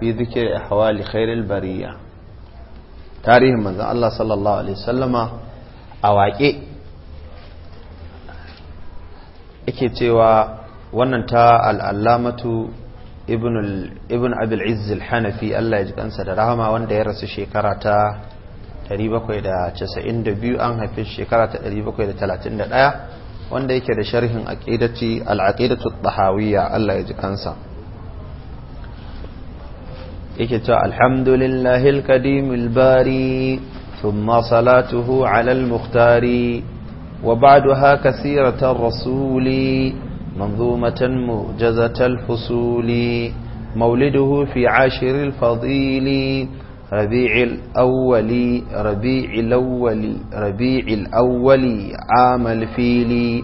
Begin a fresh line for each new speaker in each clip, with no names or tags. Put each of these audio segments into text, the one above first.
في ذكر ahwali خير bariya تاريخ من Allah sallallahu alaihi عليه a waƙe yake cewa wannan ta al'allamatu ibn abil izz al-hanafi Allah ya ji kansa da rahama wanda ya rasu shekara ta 792 an haifi shekara ta 731 wanda yake da sharhin al'aƙidatu tahawiyya Allah ya ji kansa اكتا الحمد لله القديم الباري ثم صلاته على المختار وبعدها كثيرة الرسول منظومة موجزة الفصول مولده في عاشر الفضيل ربيع الأول ربيع الأول ربيع الأول عام الفيل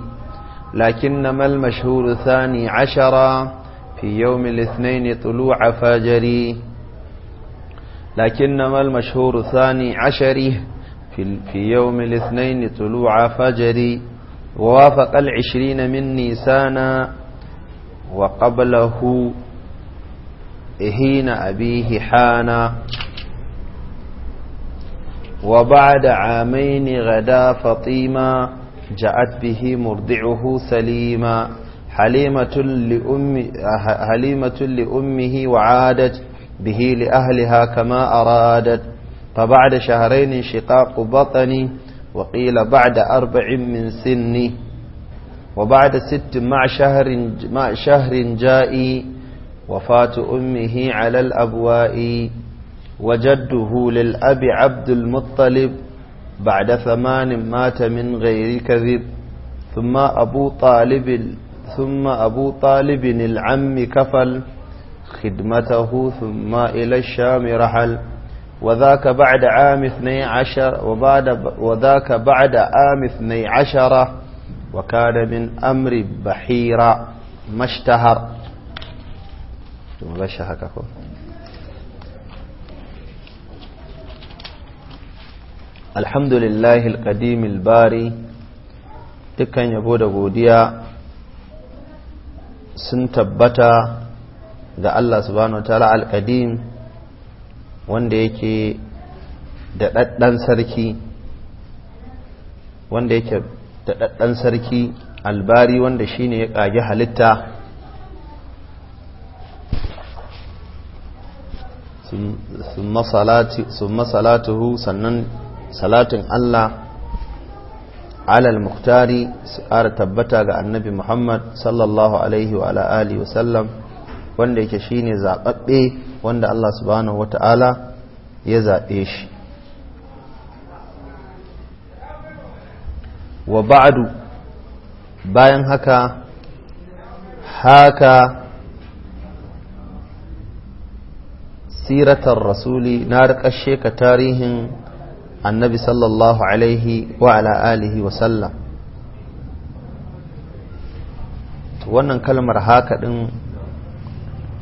لكنما المشهور ثاني عشر في يوم الاثنين طلوع فجري لكنما المشهور الثاني عشري في, في يوم الاثنين طلوع فجري ووافق العشرين من نيسان وقبله إهين أبيه حانا وبعد عامين غدا فطيما جاءت به مرضعه سليما حليمة لأم حليمة لأمه وعادت به لأهلها كما أرادت فبعد شهرين انشقاق بطني وقيل بعد أربع من سني وبعد ست مع شهر, مع شهر جائي وفاة أمه على الأبواء وجده للأب عبد المطلب بعد ثمان مات من غير كذب ثم أبو طالب ثم أبو طالب العم كفل خدمته ثم إلى الشام رحل وذاك بعد عام اثني عشر وبعد وذاك بعد عام اثني عشر وكان من أمر بحيرة ما اشتهر الحمد لله القديم الباري dukkan yabo da godiya sun tabbata ga Allah subhanahu wa ta'ala alƙadim wanda yake da sarki wanda yake da sarki albari wanda shine ya ƙage halitta summa salatuhu sannan salatin Allah alal muktari su ƙara tabbata ga annabi Muhammad sallallahu alaihi wa ala alihi wa sallam wanda yake shine zaɓaɓɓe wanda Allah subhanahu wata'ala ya zaɓe shi wa ba'adu bayan haka haka siratar rasuli na rikashe ka tarihin annabi sallallahu alaihi wa ala alihi wa sallam wannan kalmar haka ɗin.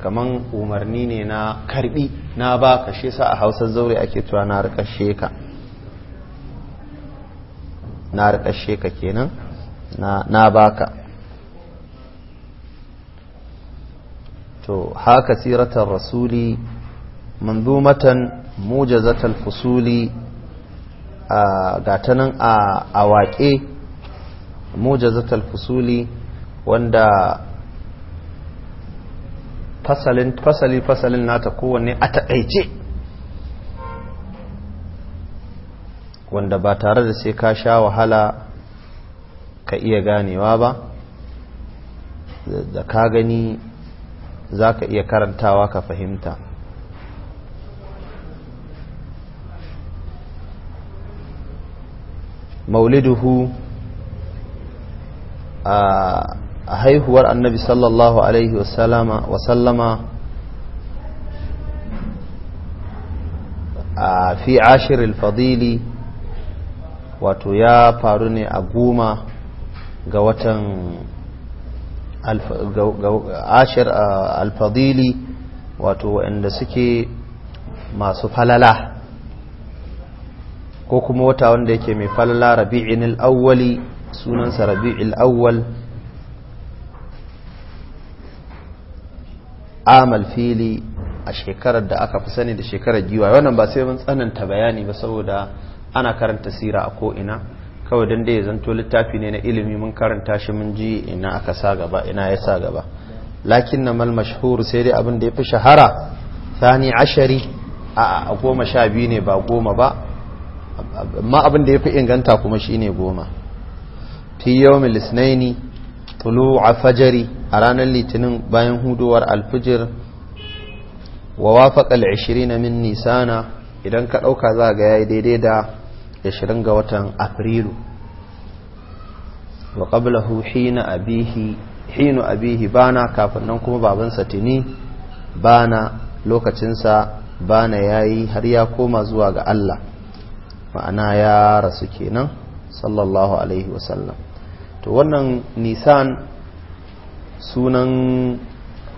kaman umarni ne na karbi na baka shi sa a hausar zaure ake tuwa na rikashe ka na rikashe ka kenan na baka to haka siratar rasuli manzumatan mujazatal fusuli gatanan a waƙe mujazatal fusuli wanda fasalin fasali fasalin nata kowanne a taƙaice wanda ba tare da sai ka sha wahala ka iya ganewa ba da ka gani za ka iya karantawa ka fahimta mauliduhu a a haihuwar annabi sallallahu alaihi wasallama a fi ashirin fadili wato ya faru ne a goma ga watan ashir alfadili wato wanda suke masu falala ko kuma wata wanda yake mai falala rabi'in al'awwali sunansa rabi'il awwal amal fili a shekarar da aka fi sani da shekarar giwa wannan ba sai mun tsananta bayani ba saboda ana karanta sira a ko'ina kawai don da ya zanto littafi ne na ilimi mun karanta shi mun ji ina aka sa gaba ina ya sa gaba lakin na mal mashhur sai dai abin da ya fi shahara sani ashari a goma sha biyu ne ba goma ba amma abin da ya fi inganta kuma shine goma fi yawmin lisnaini a fajari a ranar litinin bayan huduwar alfijir wa wafaƙal 20 min nisana idan ka ɗauka za ga yi daidai da 20 ga watan afrilu wa qablahu abihi hinu abihi bana kafin nan kuma babansa tini bana lokacinsa bana yi har ya koma zuwa ga Allah ma'ana ya rasu kenan sallallahu alaihi wasallam to wannan nisan sunan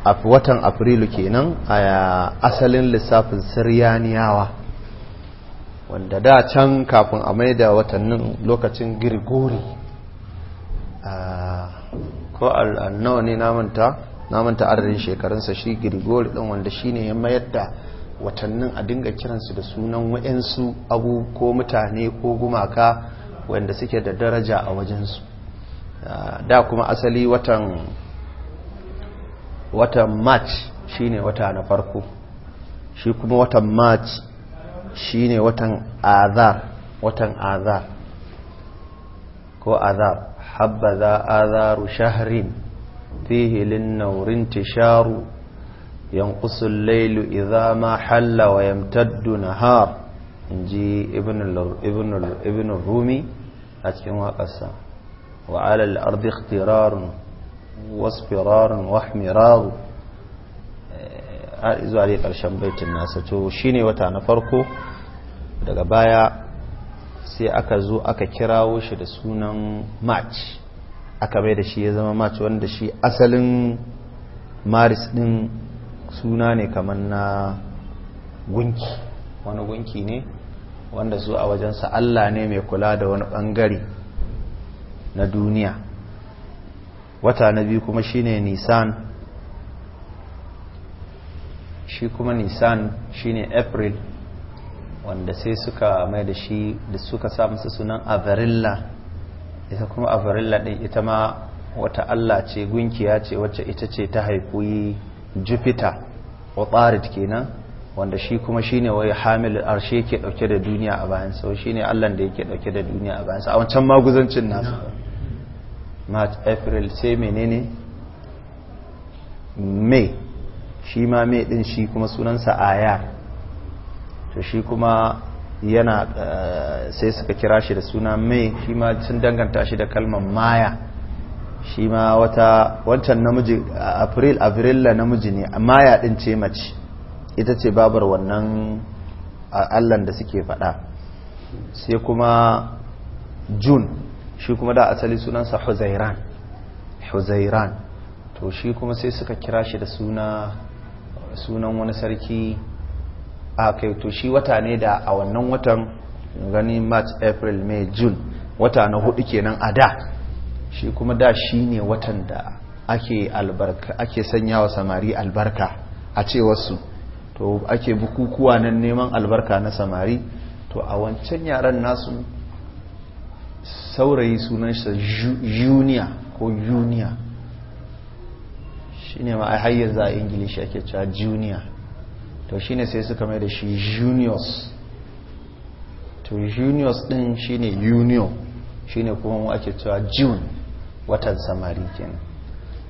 watan afrilu kenan a asalin lissafin siryaniyawa wanda da can kafin a maida watannin lokacin girgori ko al'annawa ne namanta namanta adadin shekarunsa shi girgori din wanda shi ne ya mayar da watannin a dinga kiransu da sunan wa'yansu abu ko mutane ko gumaka wanda suke da daraja a wajensu da kuma asali watan watan march shine wata na farko shi kuma watan march shine watan azar watan azar ko azar habbaza azaru shahrin fihi linnaurin tisharu yanqusu al-lailu idha ma halla wa yamtaddu nahar inji ibn al-rumi a cikin waƙarsa wa alal ardi ikhtirarun wasfirarun wahmiraru eh, zuwa dai ƙarshen baitin nasa to shine wata na farko daga baya sai aka zo aka kirawo shi da sunan march aka mai da shi ya zama march wanda shi asalin maris din suna ne kamar na gunki wani gunki ne wanda su a wajensa allah ne mai kula da wani bangare na duniya wata na biyu kuma shine nisan shi kuma nisan shine april wanda sai suka mai da shi da suka sa masa sunan avarilla ita kuma avarilla din ita ma wata allah ce gunkiya ce wacce ita ce ta yi jupiter otharit kenan wanda shi kuma shine wai hamil arshe ke dauke da duniya a bayansa shi ne Allah da yake dauke da duniya a bayan sau a wancan maguzancin nasu march april sai menene may shi ma mai din shi kuma sunansa aya to shi kuma yana eh, sai suka kira shi da suna may shi ma sun danganta shi da kalmar maya shi ma wata wancan namiji april avrilla namiji ne maya din ce mace ita ce babar wannan allan da suke fada sai kuma june shi kuma da asali sunansa huzairan huzairan to shi kuma sai suka kira shi da suna sunan wani sarki a kai to shi wata ne da a wannan watan gani march april may june wata na hudu kenan a da shi kuma da shi ne watan da ake albarka ake sanya wa samari albarka a cewarsu to ake bukukuwa nan neman albarka na samari to a wancan yaran nasu saurayi sunansa junior ko junior shi ne ma a hayyar za a ingilishi ake cewa junior to shi ne sai suka mai da shi juniors to juniors din shi ne union shi ne kuma mu ake cewa june watan samari kenan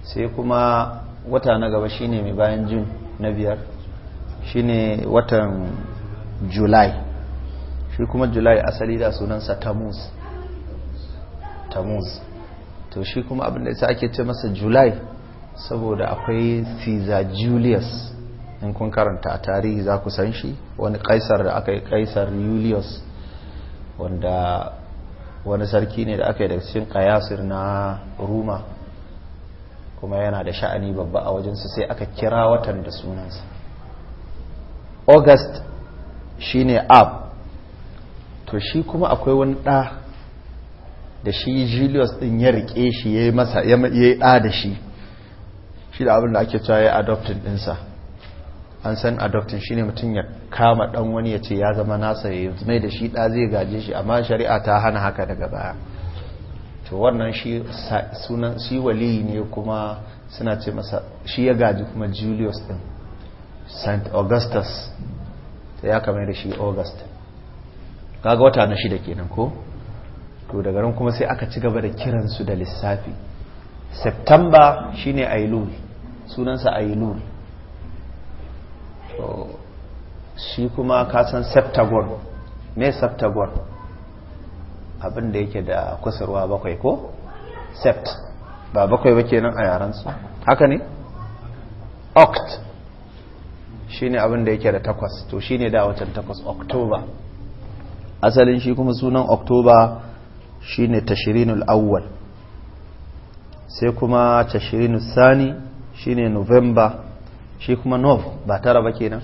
sai kuma wata na gaba shi ne mai bayan june na biyar shi ne watan july shi kuma july asali da sunansa satamus tamuz to shi kuma abin da yasa ake ce masa july saboda akwai caesar julius in kun karanta a tarihi za ku san shi wani kaisar da aka yi kaisar julius wanda wani sarki ne da aka yi daga cikin kayasir na roma kuma yana da sha'ani babba a wajensu sai aka kira watan da sunansa august shine ab to shi kuma akwai wani ɗa da shi julius din ya rike shi ya yi masa ya yi ɗa da shi shi da abin da ake cewa ya adoptin ɗinsa an san adoptin shi ne mutum ya kama ɗan wani ya ce ya zama nasa ya mai da shi ɗa zai gaje shi amma shari'a ta hana haka daga baya to wannan shi sunan shi wali ne kuma suna ce masa shi ya gaji kuma julius din. st augustus ta ya kamar da shi august kaga wata na shida kenan ko to daga ran kuma sai aka ci gaba da kiransu da lissafi september shine ailul sunansa ailul to shi kuma ka san septagon me septagon abinda yake da kusurwa bakwai ko sept ba bakwai ba kenan a yarensu, haka ne oct shine abinda yake da takwas to shine da watan takwas october asalin shi kuma sunan october ne tashirinul awwal sai kuma tashirinul sani shi ne novemba. shi kuma nov ba tara ba nan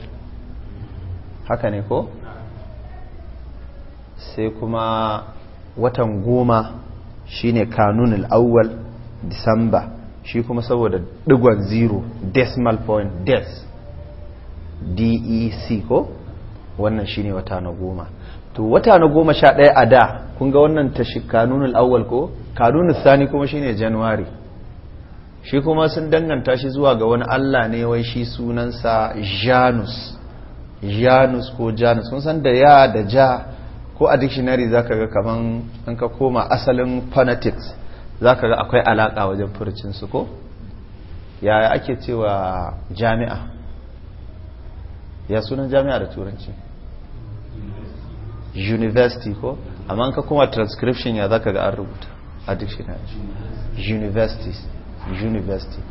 haka ne ko sai kuma watan goma shine kanunul awwal disamba shi kuma saboda digon zero decimal point des dec ko wannan ne wata na goma to wata na goma sha ɗaya a da kun ga wannan tashi kanunul awwal ko kanunul sani kuma shine january shi kuma sun danganta shi zuwa ga wani allah ne wai shi sunansa janus janus ko janus kun san da ya da ja ko a dictionary ka ga kaman an ka koma asalin phonetics ka ga akwai alaka wajen furcinsu ko yaya ake cewa jami'a ya sunan jami'a da turanci university ko amma ka kuma transcription ya zaka ga an rubuta a dictionary universities university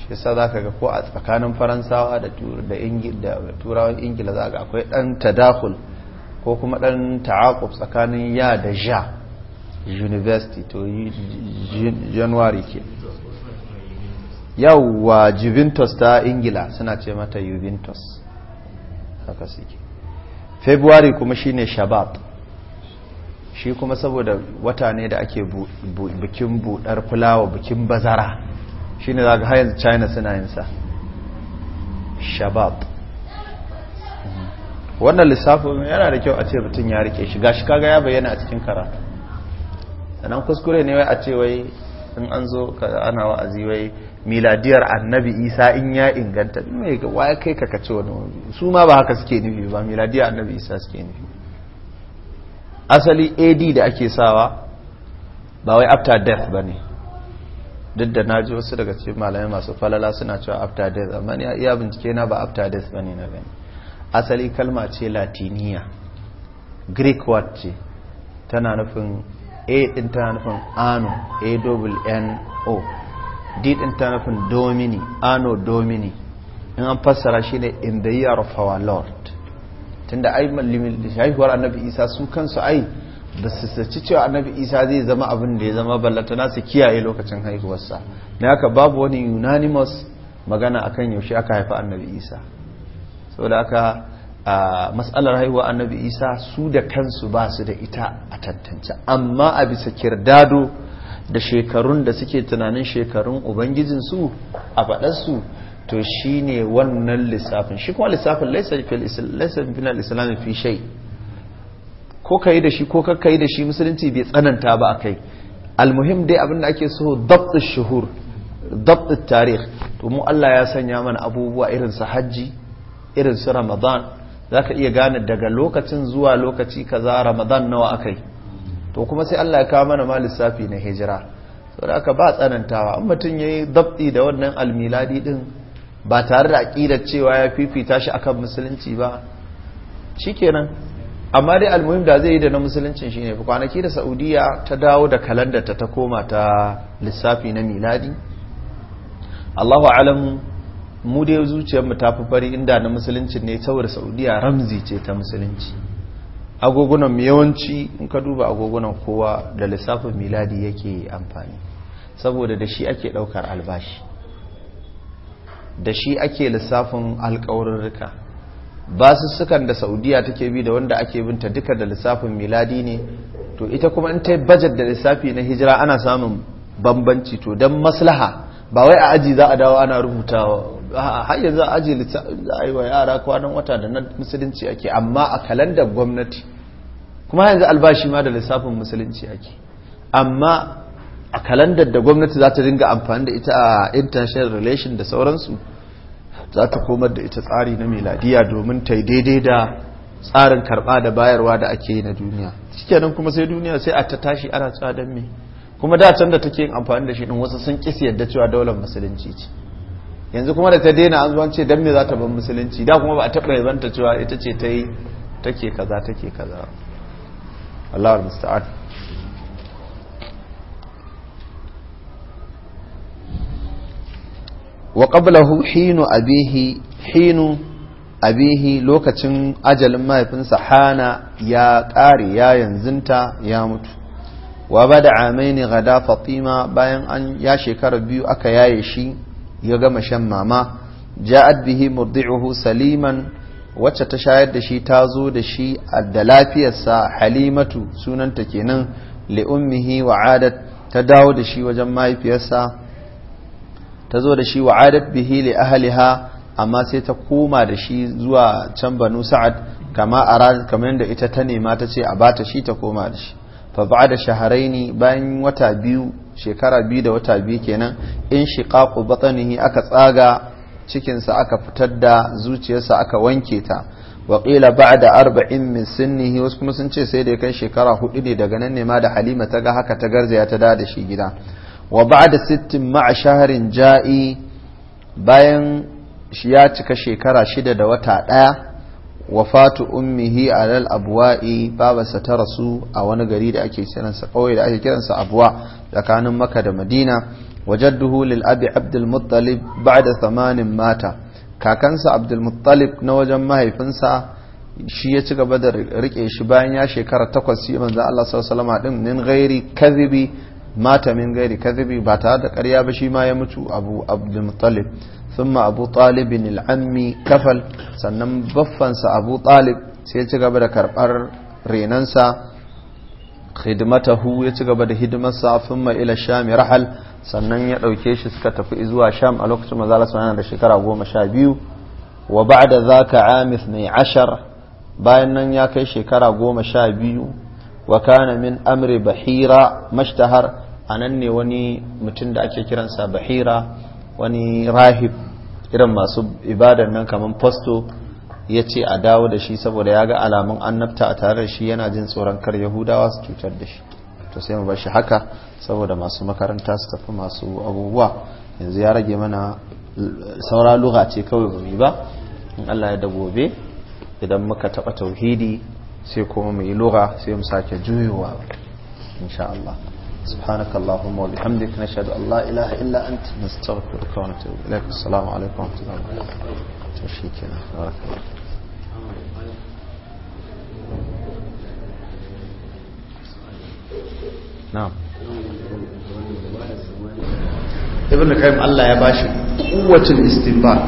shi yasa zaka ga ko a tsakanin faransawa da da turawan ingila zaka akwai dan tadakhul ko kuma dan ta'aqub tsakanin ya da ja university to january ke yawwa juventus ta ingila suna ce mata juventus haka suke february kuma shine shabab shi kuma saboda wata ne da ake bikin buɗar fulawa bikin bazara shi ne zaga hayan china suna yinsa shabab mm-hmm. wannan lissafin yana da kyau a ce mutum ya rike shiga shi kaga ya bayyana a cikin karatu sannan kuskure ne wai a ce wai in an zo ana wa'azi wai miladiyar annabi isa in ya inganta mai waya kai kace wani su ma ba haka suke nufi ba miladiyar annabi isa suke nufi asali ad da ake sawa ba wai after death ba ne duk da na ji wasu daga cikin malamai masu falala suna cewa after death amma ni iya bincike na ba after death ba ne na gani asali kalma ce latiniya greek word ce tana nufin a din tana nufin ano a double n o d din tana nufin domini ano domini in an fassara shine in the year of our lord tunda ai haihuwar annabi isa su kansu ai ba su saci cewa annabi isa zai zama abin da ya zama ballatana su kiyaye lokacin haihuwarsa na haka babu wani unanimous magana akan yaushe aka haifa annabi isa saboda haka a matsalar haihuwa annabi isa su da kansu ba su da ita a tattance amma a bisa kirdado da shekarun da suke tunanin shekarun ubangijinsu a faɗarsu to shi ne wannan lissafin shi kuma lissafin laisar final lissafin fi shai ko ka yi da shi ko kakka yi da shi musulunci bai tsananta ba a kai almuhim dai abinda ake so dabtsin shuhur dabtsin tarih to mu Allah ya sanya mana abubuwa irin su hajji irin su ramadan za ka iya gane daga lokacin zuwa lokaci kaza ramadan nawa aka yi to kuma sai Allah ya kawo mana ma lissafi na hijira saboda aka ba tsanantawa in mutum ya yi dabti da wannan almiladi din ba tare da aƙidar cewa ya fifita shi akan musulunci ba shikenan amma dai almuhim da zai yi da na musuluncin shine kwanaki da Saudiya ta dawo da kalandar ta ta koma ta lissafi na miladi Allahu alam mu dai zuciyarmu ta fi fari inda na Musulunci ne saboda Saudiya ramzi ce ta musulunci agogunan yawanci in ka duba agogunan kowa da lissafin miladi yake amfani saboda da shi ake daukar albashi da shi ake lissafin alkawarurruka basussukan da saudiya take bi da wanda ake binta duka da lissafin miladi ne to ita kuma in ta yi bajet da lissafi na hijira ana samun bambanci to don maslaha ba wai a aji za a dawo ana rubutawa har yanzu a aji za a yi wa yara kwanan wata da na musulunci ake amma a kalandar gwamnati kuma yanzu albashi ma da lissafin musulunci ake amma a kalandar da gwamnati za ta dinga amfani da ita a international relation da sauransu za ta komar da ita tsari na miladiya domin ta daidai da tsarin karba da bayarwa da ake yi na duniya nan kuma sai duniya sai a ta tashi ana tsadan me kuma da can da take yin amfani da shi din wasu sun kisi yadda cewa daular musulunci ce yanzu kuma da ta daina an zuwan ce dan me za ta ban musulunci da kuma ba a taɓa yabanta cewa ita ce ta yi take kaza take kaza Allah wa qablahu hinu abihi hinu abihi lokacin ajalin mahaifinsa hana ya ƙare ya yanzinta ya mutu wa ba da amaini gada fatima bayan an ya shekara biyu aka yaye shi ya gama shan mama ja'ad bihi murdi'uhu saliman wacce ta shayar da shi ta zo da shi da lafiyarsa halimatu sunanta kenan li ummihi wa ta dawo da shi wajen mahaifiyarsa ta zo da shi wa adat bihi li ahliha amma sai ta koma da shi zuwa can banu sa'ad kama arad kamar yadda ita ta nema ta ce a bata shi ta koma da shi fa ba'da shahraini bayan wata biyu shekara biyu da wata biyu kenan in shiqaqu batnihi aka tsaga cikin sa aka fitar da zuciyarsa aka wanke ta waƙila qila da arba'in min sinnihi wasu kuma sun ce sai da kan shekara hudu ne daga nan ne ma da halima ta ga haka ta garzaya ta da da shi gida wa ba'da sittin ma'a shaharin ja'i bayan shi ya cika shekara shida da wata ɗaya wafatu ummihi alal abwa'i babarsa ta rasu a wani gari da ake kiransa ƙauye da ake kiransa abuwa tsakanin maka da madina wajadduhu lil abi abdul ba'da samanin mata kakansa abdul na wajen mahaifinsa shi ya ci gaba da rike shi bayan ya shekara takwas shi manzo Allah sallallahu alaihi wasallam din nin ghairi kadhibi mata min gairi kadhibi ba tare da ƙarya ba shi ma ya mutu abu abdul muttalib thumma abu talib al-ammi kafal sannan baffansa abu talib sai ya ci gaba da karbar renansa khidmatahu ya ci gaba da hidimarsa thumma ila sham rahal sannan ya ɗauke shi suka tafi zuwa sham a lokacin manzo Allah da shekara 12 wa ba'da zaka amith 12 bayan nan ya kai shekara 12 wa kana min amri bahira mashtahar a nan ne wani mutum da ake kiransa bahira wani rahib irin masu ibadan nan kamar fasto ya ce a dawo da shi saboda ya ga alamun annabta a tare da shi yana jin tsoron kar yahudawa su cutar da shi to sai mu bar shi haka saboda masu makaranta su tafi masu abubuwa yanzu ya rage mana saura lugha ce kawai ba mu ba in Allah ya da gobe idan muka taba tauhidi sai kuma mu yi lugha sai mu sake juyowa insha Allah سبحانك اللهم وبحمدك نشهد أن لا إله إلا أنت نستغفرك ونتوب إليك السلام عليكم ورحمة الله وبركاته بارك الله نعم
ابن القيم الله يا باشا
قوة الاستنباط